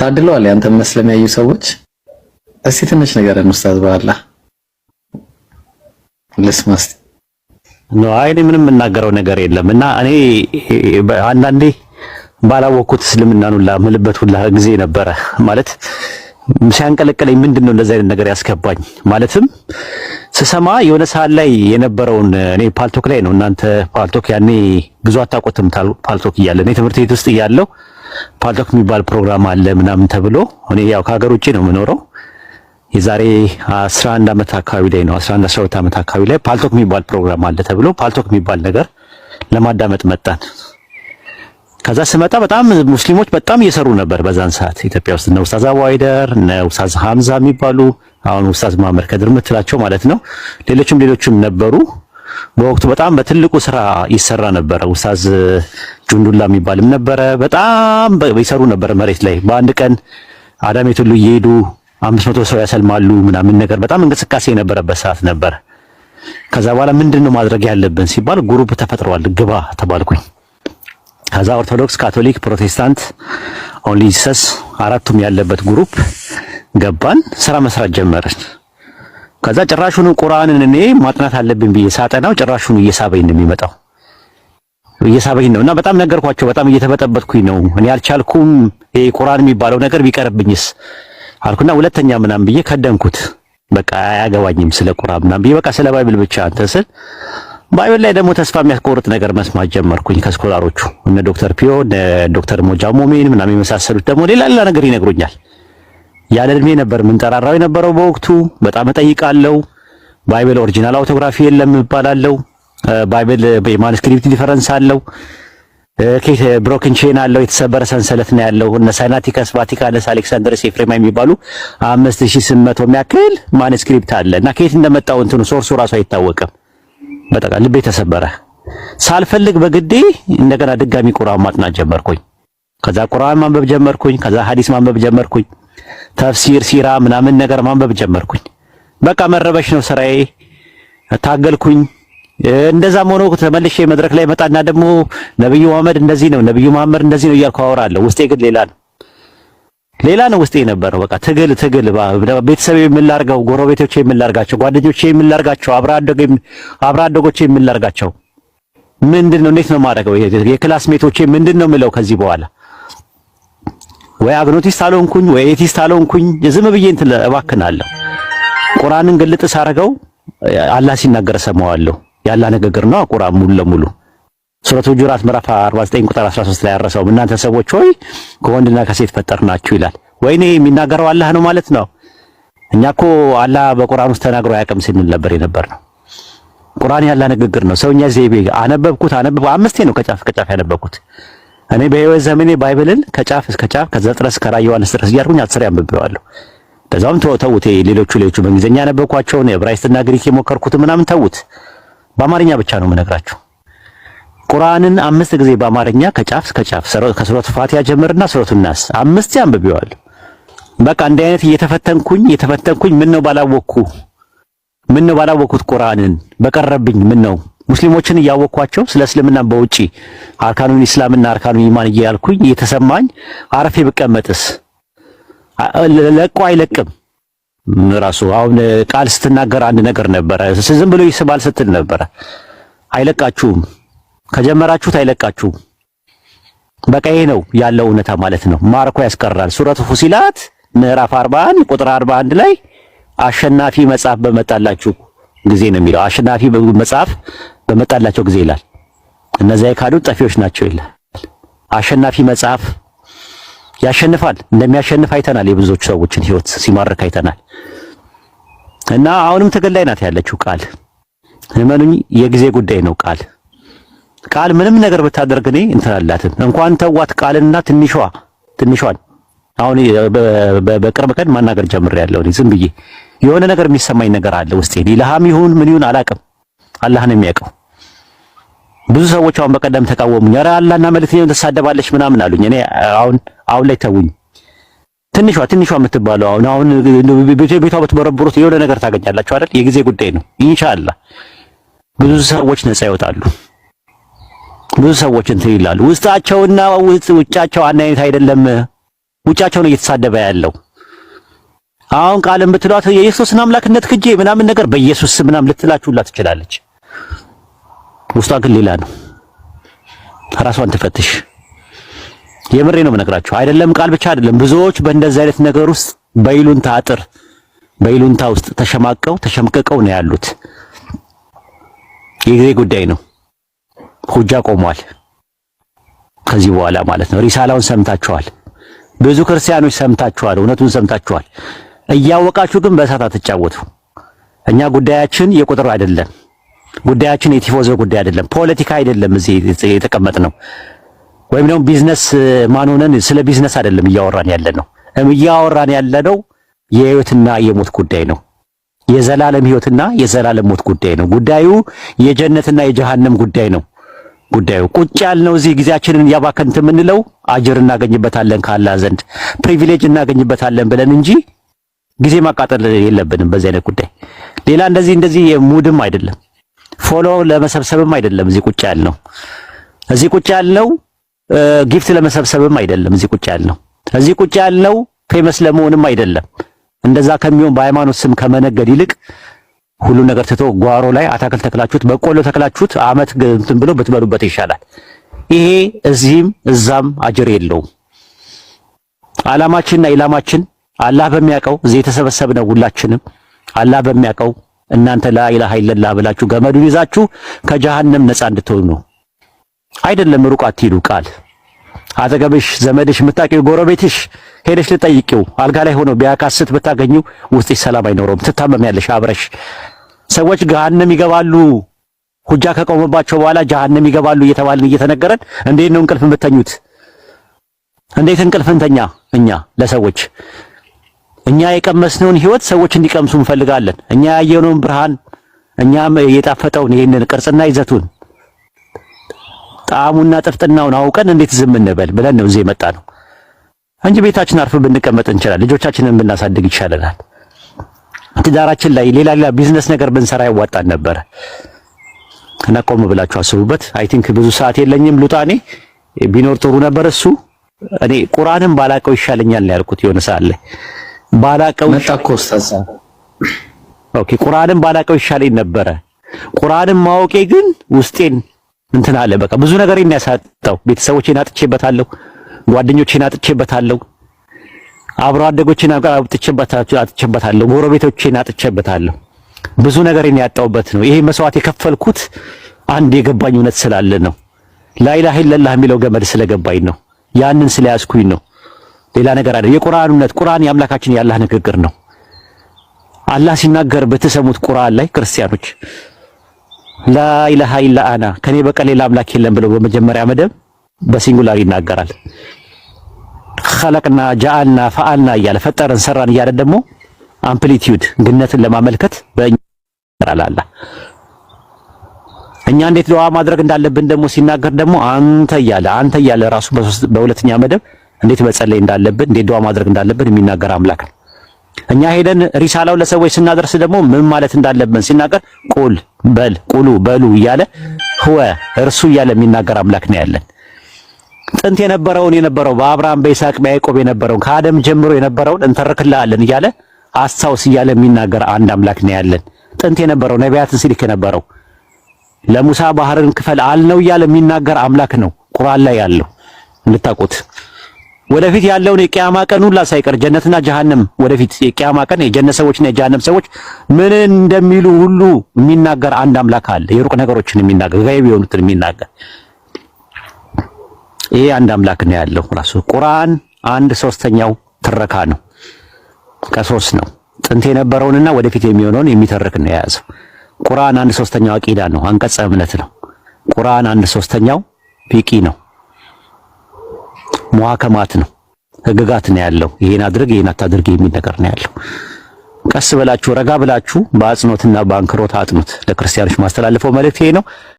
ታድለዋል። ያንተ መስለም ያዩ ሰዎች እስቲ ትንሽ ነገር ኡስታዝ በኋላ ልስማስ ነው። አይ እኔ ምንም የምናገረው ነገር የለም እና እኔ አንዳንዴ ባላወቅኩት እስልምናን ሁላ ምልበት ሁላ ጊዜ ነበረ ማለት ሲያንቀለቀለኝ ምንድን ነው እንደዚህ አይነት ነገር ያስገባኝ ማለትም ስሰማ የሆነ ሰዓት ላይ የነበረውን እኔ ፓልቶክ ላይ ነው። እናንተ ፓልቶክ ያኔ ብዙ አታውቁትም። ፓልቶክ እያለ እኔ ትምህርት ቤት ውስጥ እያለሁ ፓዶክ የሚባል ፕሮግራም አለ ምናምን ተብሎ እኔ ያው ከሀገር ውጭ ነው የምኖረው። የዛሬ 11 ዓመት አካባቢ ላይ ነው 11 12 ዓመት አካባቢ ላይ ፓልቶክ የሚባል ፕሮግራም አለ ተብሎ ፓልቶክ የሚባል ነገር ለማዳመጥ መጣን። ከዛ ስመጣ በጣም ሙስሊሞች በጣም እየሰሩ ነበር በዛን ሰዓት ኢትዮጵያ ውስጥ ነው። ኡስታዝ አዋይደር ነው፣ ኡስታዝ ሀምዛ የሚባሉ አሁን ኡስታዝ ማመር ከድር ምትላቸው ማለት ነው። ሌሎችም ሌሎችም ነበሩ። በወቅቱ በጣም በትልቁ ስራ ይሰራ ነበረ። ኡስታዝ ጁንዱላ የሚባልም ነበረ። በጣም ይሰሩ ነበረ መሬት ላይ በአንድ ቀን አዳሜት ሁሉ እየሄዱ አምስት መቶ ሰው ያሰልማሉ ምናምን ነገር በጣም እንቅስቃሴ የነበረበት ሰዓት ነበር። ከዛ በኋላ ምንድን ነው ማድረግ ያለብን ሲባል ጉሩፕ ተፈጥሯል፣ ግባ ተባልኩኝ። ከዛ ኦርቶዶክስ፣ ካቶሊክ፣ ፕሮቴስታንት ኦንሊ ጂሰስ አራቱም ያለበት ጉሩፕ ገባን፣ ስራ መስራት ጀመርን። ከዛ ጭራሹኑ ቁርአንን እኔ ማጥናት አለብኝ ብዬ ሳጠናው ጭራሹኑ እየሳበኝ ነው የሚመጣው እየሳበኝ ነው። እና በጣም ነገርኳቸው። በጣም እየተበጠበጥኩኝ ነው እኔ አልቻልኩም። ይሄ ቁርአን የሚባለው ነገር ቢቀርብኝስ አልኩና ሁለተኛ ምናምን ብዬ ከደንኩት። በቃ አያገባኝም ስለ ቁርአን ምናምን ብዬ በቃ ስለ ባይብል ብቻ እንትን ስል ባይብል ላይ ደግሞ ተስፋ የሚያስቆርጥ ነገር መስማት ጀመርኩኝ ከስኮላሮቹ እነ ዶክተር ፒዮ እነ ዶክተር ሞጃ ሞሜን ምናምን የመሳሰሉት ደግሞ ሌላ ሌላ ነገር ይነግሩኛል። ያለ እድሜ ነበር ምንጠራራው የነበረው በወቅቱ። በጣም እጠይቃለሁ። ባይብል ኦሪጂናል አውቶግራፊ የለም እባላለሁ። ባይብል የማኑስክሪፕት ዲፈረንስ አለው። ብሮክን ቼን አለው። የተሰበረ ሰንሰለት ነው ያለው። እነ ሳይናቲከስ፣ ቫቲካንስ፣ አሌክሳንደርስ፣ ኤፍሬማ የሚባሉ 5800 የሚያክል ማኑስክሪፕት አለ እና ከየት እንደመጣው እንትኑ ሶርሱ ራሱ አይታወቅም። በጠቃ ልቤ ተሰበረ። ሳልፈልግ በግዴ እንደገና ድጋሚ ቁርአን ማጥናት ጀመርኩኝ። ከዛ ቁርአን ማንበብ ጀመርኩኝ። ከዛ ሐዲስ ማንበብ ጀመርኩኝ። ተፍሲር ሲራ ምናምን ነገር ማንበብ ጀመርኩኝ። በቃ መረበሽ ነው ስራዬ። ታገልኩኝ። እንደዛም ሆኖ ተመልሼ መድረክ ላይ መጣና ደግሞ ነብዩ መሐመድ እንደዚህ ነው፣ ነብዩ መሐመድ እንደዚህ ነው እያልኩ አወራለሁ። ውስጤ ግን ሌላ ነው፣ ሌላ ነው ውስጤ የነበረው። በቃ ትግል ትግል። ቤተሰብ የምላርገው፣ ጎረቤቶቼ የምላርጋቸው፣ ጓደኞቼ የምላርጋቸው፣ አብረ አደጎቼ የምላርጋቸው ምንድን ነው እንዴት ነው የማደርገው? የክላስ ሜቶቼ ምንድን ነው ከዚህ በኋላ ወይ አግኖቲስት አልሆንኩኝ ወይ ኤቲስት አልሆንኩኝ ዝም ብዬ እንትን እባክናለሁ። ቁርአንን ግልጥ ሳረገው አላህ ሲናገር ሰማዋለሁ። ያላ ንግግር ነው ቁርአን ሙሉ ለሙሉ ሱረቱ ጁራት ምዕራፍ 49 ቁጥር 13 ላይ ያረሰው እናንተ ሰዎች ሆይ ከወንድና ከሴት ፈጠርናችሁ ይላል። ወይኔ የሚናገረው አላህ ነው ማለት ነው። እኛ እኮ አላህ በቁርአን ውስጥ ተናግሮ አያውቅም ስንል ነበር የነበር ነው። ቁርአን ያላ ንግግር ነው። ሰውኛ ዘይቤ አነበብኩት አነበብኩ አምስቴ ነው ከጫፍ ከጫፍ ያነበብኩት እኔ በህይወት ዘመኔ ባይብልን ከጫፍ እስከ ጫፍ ከዘፍጥረት እስከ ራዕየ ዮሐንስ ድረስ እያልኩኝ አስር ያንብቤዋለሁ። በዛውም ተውት። ሌሎቹ ሌሎቹ በእንግሊዝኛ ያነበብኳቸውን ዕብራይስጥና ግሪክ የሞከርኩት ምናምን ተውት። በአማርኛ ብቻ ነው የምነግራችሁ። ቁርአንን አምስት ጊዜ በአማርኛ ከጫፍ እስከ ጫፍ ከሱረት ፋቲያ ጀምርና ሱረቱ ናስ አምስት ያንብቤዋለሁ። በቃ እንዲህ አይነት እየተፈተንኩኝ እየተፈተንኩኝ ምን ነው ባላወቅኩ ምን ነው ባላወቅኩት ቁርአንን በቀረብኝ ምን ነው ሙስሊሞችን እያወኳቸው ስለ እስልምና በውጪ አርካኑን እስላምና አርካኑን ኢማን እያልኩኝ እየተሰማኝ አረፌ ብቀመጥስ ለቆ አይለቅም። ራሱ አሁን ቃል ስትናገር አንድ ነገር ነበረ፣ ዝም ብሎ ይስባል ስትል ነበረ። አይለቃችሁም፣ ከጀመራችሁት አይለቃችሁም። በቃ ይሄ ነው ያለው እውነታ ማለት ነው። ማርኮ ያስቀራል። ሱረቱ ፉሲላት ምዕራፍ 41 ቁጥር 41 ላይ አሸናፊ መጽሐፍ በመጣላችሁ ጊዜ ነው የሚለው። አሸናፊ መጽሐፍ በመጣላቸው ጊዜ ይላል። እነዚያ የካዱ ጠፊዎች ናቸው ይላል። አሸናፊ መጽሐፍ ያሸንፋል። እንደሚያሸንፍ አይተናል። የብዙዎቹ ሰዎችን ህይወት ሲማርክ አይተናል። እና አሁንም ትግል ላይ ናት ያለችው ቃል። እመኑኝ የጊዜ ጉዳይ ነው። ቃል ቃል ምንም ነገር ብታደርግ እኔ እንትን እንኳን ተዋት ቃልና ትንሿ ትንሿን አሁን በቅርብ ቀን ማናገር ጀምሬያለሁ ዝም ብዬ የሆነ ነገር የሚሰማኝ ነገር አለ ውስጤ። ሊልሃም ይሁን ምን ይሁን አላቅም፣ አላህ ነው የሚያውቀው። ብዙ ሰዎች አሁን በቀደም ተቃወሙኝ። አረ አላህና መልእክተኛውን ትሳደባለች ምናምን አሉኝ። እኔ አሁን አሁን ላይ ተውኝ። ትንሿ ትንሿ የምትባለው አሁን አሁን ቤቷ ብትበረብሩት የሆነ ነገር ታገኛላችሁ አይደል? የጊዜ ጉዳይ ነው። ኢንሻአላህ ብዙ ሰዎች ነጻ ይወጣሉ። ብዙ ሰዎች እንትን ይላሉ። ውስጣቸውና ውጫቸው አንድ አይነት አይደለም። ውጫቸው ነው እየተሳደበ ያለው። አሁን ቃል የምትሏት የኢየሱስን አምላክነት ክጄ ምናምን ነገር በኢየሱስ ምናምን ልትላችሁላት ትችላለች። ውስጧ ግን ሌላ ነው። ራሷን ትፈትሽ። የምሬ ነው የምነግራችሁ። አይደለም ቃል ብቻ አይደለም። ብዙዎች በእንደዚህ አይነት ነገር ውስጥ በይሉንታ አጥር በይሉንታ ውስጥ ተሸማቀው ተሸምቀቀው ነው ያሉት። የጊዜ ጉዳይ ነው። ሁጃ ቆሟል። ከዚህ በኋላ ማለት ነው። ሪሳላውን ሰምታችኋል። ብዙ ክርስቲያኖች ሰምታችኋል። እውነቱን ሰምታችኋል። እያወቃችሁ ግን በእሳት አትጫወቱ። እኛ ጉዳያችን የቁጥር አይደለም። ጉዳያችን የቲፎዞ ጉዳይ አይደለም። ፖለቲካ አይደለም። እዚህ የተቀመጥ ነው ወይም ደግሞ ቢዝነስ ማን ስለ ቢዝነስ አይደለም እያወራን ያለ ነው። እያወራን ያለ ነው የህይወትና የሞት ጉዳይ ነው። የዘላለም ህይወትና የዘላለም ሞት ጉዳይ ነው። ጉዳዩ የጀነትና የጀሃነም ጉዳይ ነው። ጉዳዩ ቁጭ ያልነው እዚህ ጊዜያችንን ያባከንት የምንለው አጅር እናገኝበታለን ካላ ዘንድ ፕሪቪሌጅ እናገኝበታለን ብለን እንጂ ጊዜ ማቃጠል የለብንም በዚህ አይነት ጉዳይ። ሌላ እንደዚህ እንደዚህ የሙድም አይደለም ፎሎ ለመሰብሰብም አይደለም እዚህ ቁጭ ያልነው። እዚህ ቁጭ ያልነው ጊፍት ለመሰብሰብም አይደለም እዚህ ቁጭ ያልነው። እዚህ ቁጭ ያልነው ፌመስ ለመሆንም አይደለም። እንደዛ ከሚሆን በሃይማኖት ስም ከመነገድ ይልቅ ሁሉ ነገር ትቶ ጓሮ ላይ አታክል ተክላችሁት በቆሎ ተክላችሁት አመት እንትን ብሎ ብትበሉበት ይሻላል። ይሄ እዚህም እዛም አጅር የለውም። አላማችንና ኢላማችን አላህ በሚያውቀው እዚህ የተሰበሰብነው ሁላችንም አላህ በሚያውቀው እናንተ ላኢላሃ ኢለላህ ብላችሁ ገመዱን ይዛችሁ ከጀሃነም ነፃ እንድትሆኑ ነው። አይደለም ሩቅ አትሂዱ። ቃል አጠገብሽ ዘመድሽ የምታውቂው ጎረቤትሽ ሄደሽ ልጠይቂው አልጋ ላይ ሆኖ ቢያካስት ብታገኘው ውስጥሽ ሰላም አይኖረውም። ትታመሚያለሽ። አብረሽ ሰዎች ገሃነም ይገባሉ ሁጃ ከቆመባቸው በኋላ ጀሃነም ይገባሉ እየተባልን እየተነገረን እንዴት ነው እንቅልፍ የምተኙት? እንዴት እንቅልፍ እንተኛ እኛ ለሰዎች እኛ የቀመስነውን ህይወት ሰዎች እንዲቀምሱ እንፈልጋለን። እኛ ያየነውን ብርሃን፣ እኛ የጣፈጠውን ይህንን ቅርጽና ይዘቱን ጣዕሙና ጥፍጥናውን አውቀን እንዴት ዝም እንበል ብለን ነው እዚህ የመጣ ነው እንጂ ቤታችን አርፍ ብንቀመጥ እንችላለን። ልጆቻችንን ብናሳድግ ይሻለናል። ትዳራችን ላይ ሌላ ሌላ ቢዝነስ ነገር ብንሰራ ያዋጣን ነበረ እና ቆም ብላችሁ አስቡበት። አይ ቲንክ ብዙ ሰዓት የለኝም ሉጣኔ ቢኖር ጥሩ ነበር። እሱ እኔ ቁርአንም ባላቀው ይሻለኛል ነው ያልኩት የሆነ ሰዓት ላይ ባላቀው ኦኬ ቁርአንን ባላቀው ይሻለኝ ነበረ። ቁርአንን ማወቄ ግን ውስጤን እንትን አለ። በቃ ብዙ ነገር ያሳጣው። ቤተሰቦቼን አጥቼበታለሁ፣ ጓደኞቼን አጥቼበታለሁ፣ አብሮ አደጎቼን አጥቼበታለሁ፣ ጎረቤቶቼን አጥቼበታለሁ። ብዙ ነገር የሚያጣውበት ነው። ይሄ መስዋዕት የከፈልኩት አንድ የገባኝ እውነት ስላለ ነው። ላኢላሀ ኢለላህ የሚለው ገመድ ስለገባኝ ነው። ያንን ስለያዝኩኝ ነው። ሌላ ነገር አይደለም። የቁርአኑነት ቁርአን የአምላካችን ያላህ ንግግር ነው። አላህ ሲናገር በተሰሙት ቁርአን ላይ ክርስቲያኖች ላኢላሃ ኢላ አና ከኔ በቀር ሌላ አምላክ የለም ብለው በመጀመሪያ መደብ በሲንጉላር ይናገራል። ኸለቅና ጃአልና ፈአልና እያለ ፈጠረን ሰራን እያለ ደግሞ አምፕሊቲዩድ ግነትን ለማመልከት በእኛ እኛ እንዴት ዱዓ ማድረግ እንዳለብን ደግሞ ሲናገር ደግሞ አንተ እያለ አንተ እያለ ራሱ በሁለተኛ መደብ እንዴት መጸለይ እንዳለብን፣ እንዴት ዱዓ ማድረግ እንዳለብን የሚናገር አምላክ ነው። እኛ ሄደን ሪሳላው ለሰዎች ስናደርስ ደግሞ ምን ማለት እንዳለብን ሲናገር ቁል በል ቁሉ በሉ እያለ ህወ እርሱ እያለ የሚናገር አምላክ ነው ያለን። ጥንት የነበረውን የነበረው በአብርሃም በይስሐቅ በያዕቆብ የነበረውን ከአደም ጀምሮ የነበረውን እንተርክልሃለን እያለ አስታውስ እያለ የሚናገር አንድ አምላክ ነው ያለን። ጥንት የነበረው ነቢያትን ሲልክ የነበረው ለሙሳ ባህርን ክፈል አልነው እያለ የሚናገር አምላክ ነው ቁርአን ላይ ያለው እንድታውቁት ወደፊት ያለውን የቂያማ ቀን ሁላ ሳይቀር ጀነትና ጀሃነም ወደፊት የቂያማ ቀን የጀነት ሰዎችና የጀሃነም ሰዎች ምን እንደሚሉ ሁሉ የሚናገር አንድ አምላክ አለ። የሩቅ ነገሮችን የሚናገር ጋይብ የሆኑትን የሚናገር ይሄ አንድ አምላክ ነው ያለው። ራሱ ቁርአን አንድ ሶስተኛው ትረካ ነው፣ ከሶስት ነው። ጥንት የነበረውንና ወደፊት የሚሆነውን የሚተርክ ነው የያዘው። ቁርአን አንድ ሶስተኛው አቂዳ ነው፣ አንቀጸ እምነት ነው። ቁርአን አንድ ሶስተኛው ፊቂ ነው። መዋከማት ነው፣ ህግጋት ነው ያለው። ይሄን አድርግ ይሄን አታድርግ የሚል ነገር ነው ያለው። ቀስ ብላችሁ ረጋ ብላችሁ በአጽኖትና በአንክሮት አጥኑት። ለክርስቲያኖች ማስተላለፈው መልእክት ይሄ ነው።